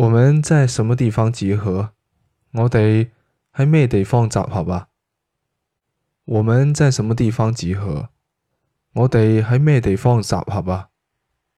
我們在什麼地方集合？我哋喺咩地方集合啊？我們在什麼地方集合？我哋喺咩地方集合啊？